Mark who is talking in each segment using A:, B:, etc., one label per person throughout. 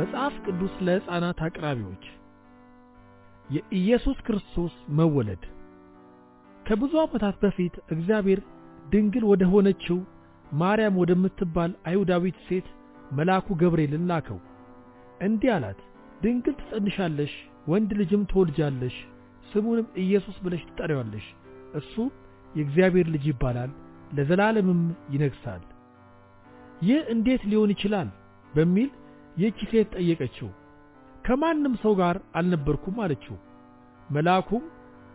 A: መጽሐፍ ቅዱስ ለሕፃናት አቅራቢዎች የኢየሱስ ክርስቶስ መወለድ ከብዙ ዓመታት በፊት እግዚአብሔር ድንግል ወደ ሆነችው ማርያም ወደምትባል አይሁዳዊት ሴት መልአኩ ገብርኤልን ላከው። እንዲህ አላት፣ ድንግል ትጸንሻለሽ፣ ወንድ ልጅም ትወልጃለሽ፣ ስሙንም ኢየሱስ ብለሽ ትጠሪዋለሽ። እሱ የእግዚአብሔር ልጅ ይባላል፣ ለዘላለምም ይነግሣል። ይህ እንዴት ሊሆን ይችላል? በሚል ይህቺ ሴት ጠየቀችው። ከማንም ሰው ጋር አልነበርኩም አለችው። መልአኩም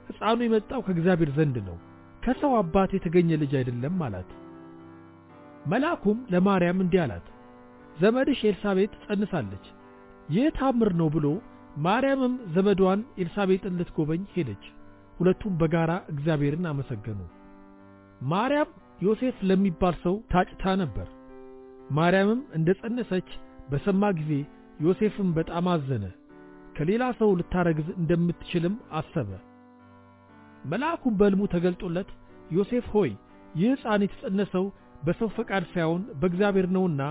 A: ሕፃኑ የመጣው ከእግዚአብሔር ዘንድ ነው፣ ከሰው አባት የተገኘ ልጅ አይደለም አላት። መልአኩም ለማርያም እንዲህ አላት፣ ዘመድሽ ኤልሳቤጥ ጸንሳለች፣ ይህ ታምር ነው ብሎ ማርያምም ዘመዷን ኤልሳቤጥን ልትጎበኝ ሄደች። ሁለቱም በጋራ እግዚአብሔርን አመሰገኑ። ማርያም ዮሴፍ ለሚባል ሰው ታጭታ ነበር። ማርያምም እንደ ጸነሰች በሰማ ጊዜ ዮሴፍም በጣም አዘነ። ከሌላ ሰው ልታረግዝ እንደምትችልም አሰበ። መልአኩም በሕልሙ ተገልጦለት ዮሴፍ ሆይ ይህ ሕፃን የተጸነሰው በሰው ፈቃድ ሳይሆን በእግዚአብሔር ነውና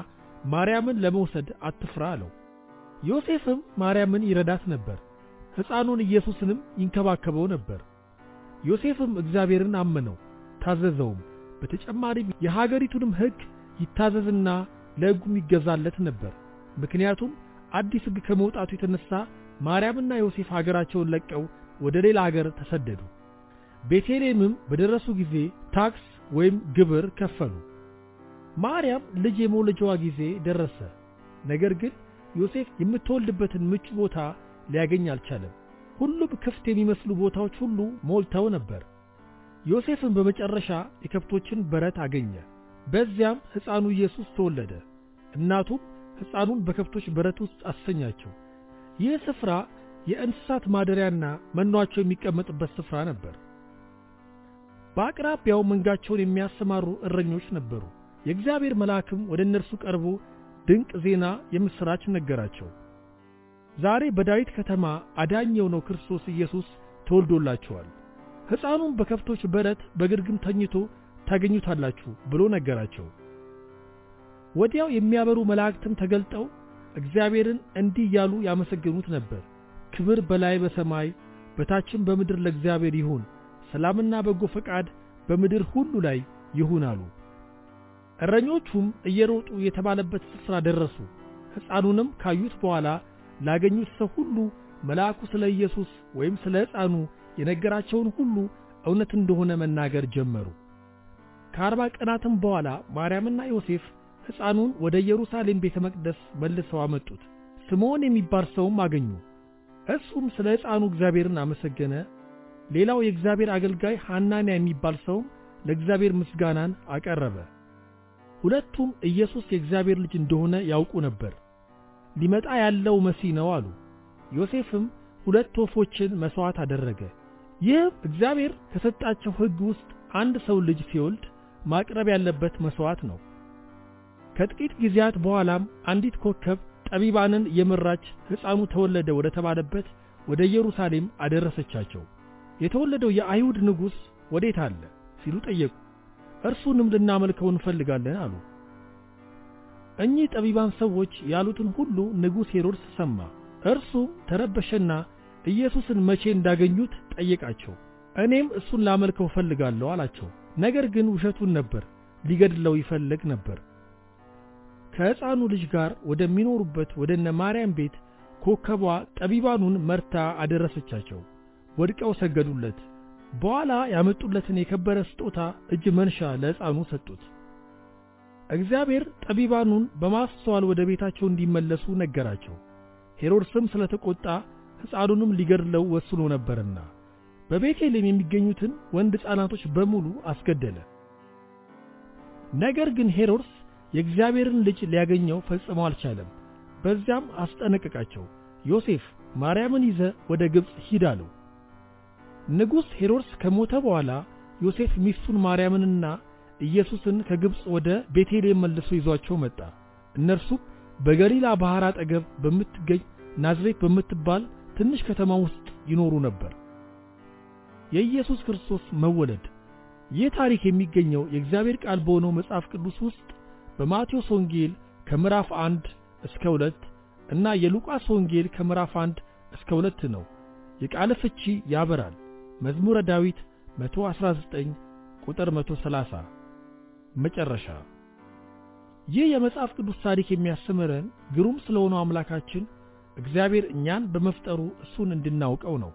A: ማርያምን ለመውሰድ አትፍራ አለው። ዮሴፍም ማርያምን ይረዳት ነበር፣ ሕፃኑን ኢየሱስንም ይንከባከበው ነበር። ዮሴፍም እግዚአብሔርን አመነው፣ ታዘዘውም። በተጨማሪም የሀገሪቱንም ሕግ ይታዘዝና ለሕጉም ይገዛለት ነበር። ምክንያቱም አዲስ ሕግ ከመውጣቱ የተነሳ ማርያምና ዮሴፍ ሀገራቸውን ለቀው ወደ ሌላ ሀገር ተሰደዱ። ቤተልሔምም በደረሱ ጊዜ ታክስ ወይም ግብር ከፈሉ። ማርያም ልጅ የመውለጃዋ ጊዜ ደረሰ። ነገር ግን ዮሴፍ የምትወልድበትን ምቹ ቦታ ሊያገኝ አልቻለም። ሁሉም ክፍት የሚመስሉ ቦታዎች ሁሉ ሞልተው ነበር። ዮሴፍን በመጨረሻ የከብቶችን በረት አገኘ። በዚያም ሕፃኑ ኢየሱስ ተወለደ። እናቱም ሕፃኑን በከብቶች በረት ውስጥ አሰኛቸው። ይህ ስፍራ የእንስሳት ማደሪያና መኗቸው የሚቀመጥበት ስፍራ ነበር። በአቅራቢያው መንጋቸውን የሚያሰማሩ እረኞች ነበሩ። የእግዚአብሔር መልአክም ወደ እነርሱ ቀርቦ ድንቅ ዜና የምሥራች ነገራቸው። ዛሬ በዳዊት ከተማ አዳኝ የሆነው ክርስቶስ ኢየሱስ ተወልዶላችኋል፣ ሕፃኑን በከብቶች በረት በግርግም ተኝቶ ታገኙታላችሁ ብሎ ነገራቸው። ወዲያው የሚያበሩ መላእክትም ተገልጠው እግዚአብሔርን እንዲህ እያሉ ያመሰግኑት ነበር። ክብር በላይ በሰማይ በታችም በምድር ለእግዚአብሔር ይሁን፣ ሰላምና በጎ ፈቃድ በምድር ሁሉ ላይ ይሁን አሉ። እረኞቹም እየሮጡ የተባለበት ስፍራ ደረሱ። ሕፃኑንም ካዩት በኋላ ላገኙት ሰው ሁሉ መልአኩ ስለ ኢየሱስ ወይም ስለ ሕፃኑ የነገራቸውን ሁሉ እውነት እንደሆነ መናገር ጀመሩ። ከአርባ ቀናትም በኋላ ማርያምና ዮሴፍ ሕፃኑን ወደ ኢየሩሳሌም ቤተ መቅደስ መልሰው አመጡት። ስምዖን የሚባል ሰውም አገኙ። እሱም ስለ ሕፃኑ እግዚአብሔርን አመሰገነ። ሌላው የእግዚአብሔር አገልጋይ ሐናንያ የሚባል ሰውም ለእግዚአብሔር ምስጋናን አቀረበ። ሁለቱም ኢየሱስ የእግዚአብሔር ልጅ እንደሆነ ያውቁ ነበር። ሊመጣ ያለው መሲህ ነው አሉ። ዮሴፍም ሁለት ወፎችን መሥዋዕት አደረገ። ይህም እግዚአብሔር ከሰጣቸው ሕግ ውስጥ አንድ ሰው ልጅ ሲወልድ ማቅረብ ያለበት መሥዋዕት ነው። ከጥቂት ጊዜያት በኋላም አንዲት ኮከብ ጠቢባንን የመራች ሕፃኑ ተወለደ ወደ ተባለበት ወደ ኢየሩሳሌም አደረሰቻቸው። የተወለደው የአይሁድ ንጉሥ ወዴት አለ ሲሉ ጠየቁ። እርሱንም ልናመልከው እንፈልጋለን አሉ። እኚህ ጠቢባን ሰዎች ያሉትን ሁሉ ንጉሥ ሄሮድስ ሰማ። እርሱም ተረበሸና ኢየሱስን መቼ እንዳገኙት ጠየቃቸው። እኔም እሱን ላመልከው እፈልጋለሁ አላቸው። ነገር ግን ውሸቱን ነበር፣ ሊገድለው ይፈልግ ነበር። ከሕፃኑ ልጅ ጋር ወደሚኖሩበት ወደ እነ ማርያም ቤት ኮከቧ ጠቢባኑን መርታ አደረሰቻቸው። ወድቀው ሰገዱለት። በኋላ ያመጡለትን የከበረ ስጦታ እጅ መንሻ ለሕፃኑ ሰጡት። እግዚአብሔር ጠቢባኑን በማስተዋል ወደ ቤታቸው እንዲመለሱ ነገራቸው። ሄሮድስም ስለተቆጣ ሕፃኑንም ሊገድለው ወስኖ ነበርና በቤተልሔም የሚገኙትን ወንድ ሕፃናቶች በሙሉ አስገደለ። ነገር ግን ሄሮድስ የእግዚአብሔርን ልጅ ሊያገኘው ፈጽሞ አልቻለም። በዚያም አስጠነቀቃቸው። ዮሴፍ ማርያምን ይዘ ወደ ግብፅ ሂድ አለው። ንጉሥ ሄሮድስ ከሞተ በኋላ ዮሴፍ ሚስቱን ማርያምንና ኢየሱስን ከግብፅ ወደ ቤቴልሔም መልሶ ይዟቸው መጣ። እነርሱም በገሊላ ባሕር አጠገብ በምትገኝ ናዝሬት በምትባል ትንሽ ከተማ ውስጥ ይኖሩ ነበር። የኢየሱስ ክርስቶስ መወለድ ይህ ታሪክ የሚገኘው የእግዚአብሔር ቃል በሆነው መጽሐፍ ቅዱስ ውስጥ በማቴዎስ ወንጌል ከምዕራፍ 1 እስከ 2 እና የሉቃስ ወንጌል ከምዕራፍ 1 እስከ 2 ነው። የቃል ፍቺ ያበራል። መዝሙረ ዳዊት 119 ቁጥር 130 መጨረሻ። ይህ የመጽሐፍ ቅዱስ ታሪክ የሚያስተምረን ግሩም ስለሆነው አምላካችን እግዚአብሔር እኛን በመፍጠሩ እሱን እንድናውቀው ነው።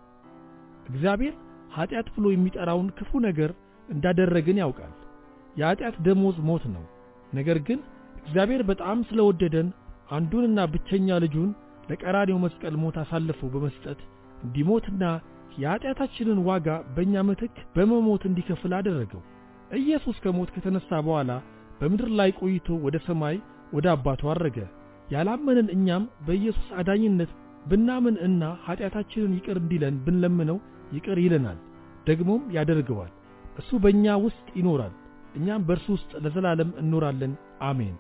A: እግዚአብሔር ኃጢአት ብሎ የሚጠራውን ክፉ ነገር እንዳደረግን ያውቃል። የኃጢአት ደሞዝ ሞት ነው። ነገር ግን እግዚአብሔር በጣም ስለወደደን አንዱንና ብቸኛ ልጁን ለቀራኔው መስቀል ሞት አሳልፎ በመስጠት እንዲሞትና የኃጢአታችንን ዋጋ በእኛ ምትክ በመሞት እንዲከፍል አደረገው። ኢየሱስ ከሞት ከተነሳ በኋላ በምድር ላይ ቆይቶ ወደ ሰማይ ወደ አባቱ አረገ። ያላመንን እኛም በኢየሱስ አዳኝነት ብናምን እና ኃጢአታችንን ይቅር እንዲለን ብንለምነው ይቅር ይለናል፣ ደግሞም ያደርገዋል። እሱ በእኛ ውስጥ ይኖራል፣ እኛም በእርሱ ውስጥ ለዘላለም እንኖራለን አሜን።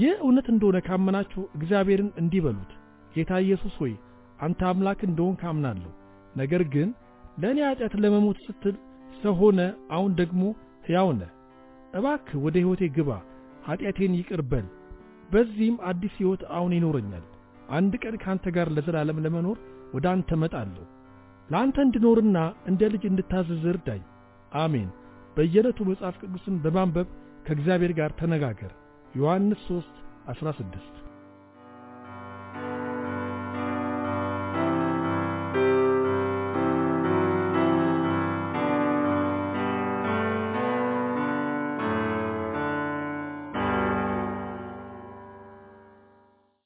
A: ይህ እውነት እንደሆነ ካመናችሁ እግዚአብሔርን እንዲህ በሉት፣ ጌታ ኢየሱስ ሆይ አንተ አምላክ እንደሆንክ አምናለሁ። ነገር ግን ለእኔ ኀጢአት ለመሞት ስትል ሰው ሆነ፣ አሁን ደግሞ ሕያው ነ እባክ ወደ ሕይወቴ ግባ፣ ኀጢአቴን ይቅር በል። በዚህም አዲስ ሕይወት አሁን ይኖረኛል። አንድ ቀን ከአንተ ጋር ለዘላለም ለመኖር ወደ አንተ መጣለሁ። ለአንተ እንድኖርና እንደ ልጅ እንድታዘዝ እርዳኝ። አሜን። በየዕለቱ መጽሐፍ ቅዱስን በማንበብ ከእግዚአብሔር ጋር ተነጋገር። ዮሐንስ 3 16